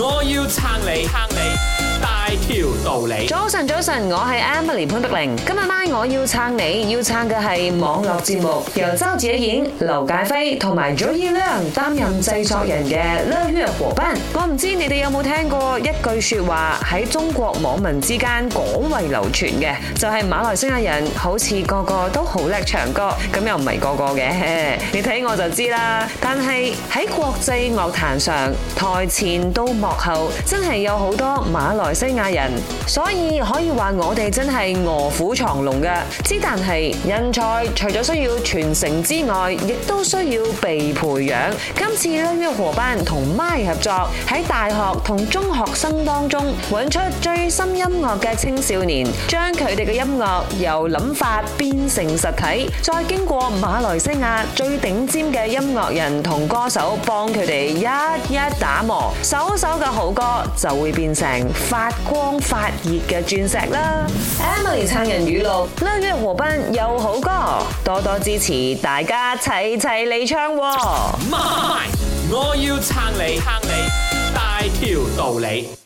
我要撐你，撐你大條道理。早晨，早晨，我係 Emily 潘德玲。今日晚我要撐你，要撐嘅係網絡節目，由周子演、劉介輝同埋 Joey Leon 擔任製作人嘅《Love 和班》。我唔知你哋有冇聽過一句説話喺中國網民之間廣為流傳嘅，就係馬來西亞人好似個個都好叻唱歌，咁又唔係個個嘅。你睇我就知啦。但係喺國際樂壇上，台前都冇。學後真係有好多馬來西亞人，所以可以話我哋真係臥虎藏龍嘅。之但係，人才除咗需要傳承之外，亦都需要被培養。今次呢個河班同 My 合作，喺大學同中學生當中揾出最新音樂嘅青少年，將佢哋嘅音樂由諗法變成實體，再經過馬來西亞最頂尖嘅音樂人同歌手幫佢哋一一打磨，手手。那個好歌就會變成發光發熱嘅鑽石啦！Emily 撐人語錄，啦啦和斌有好歌，多多支持，大家齊齊嚟唱喎！媽咪，我要撐你，撐你大條道理。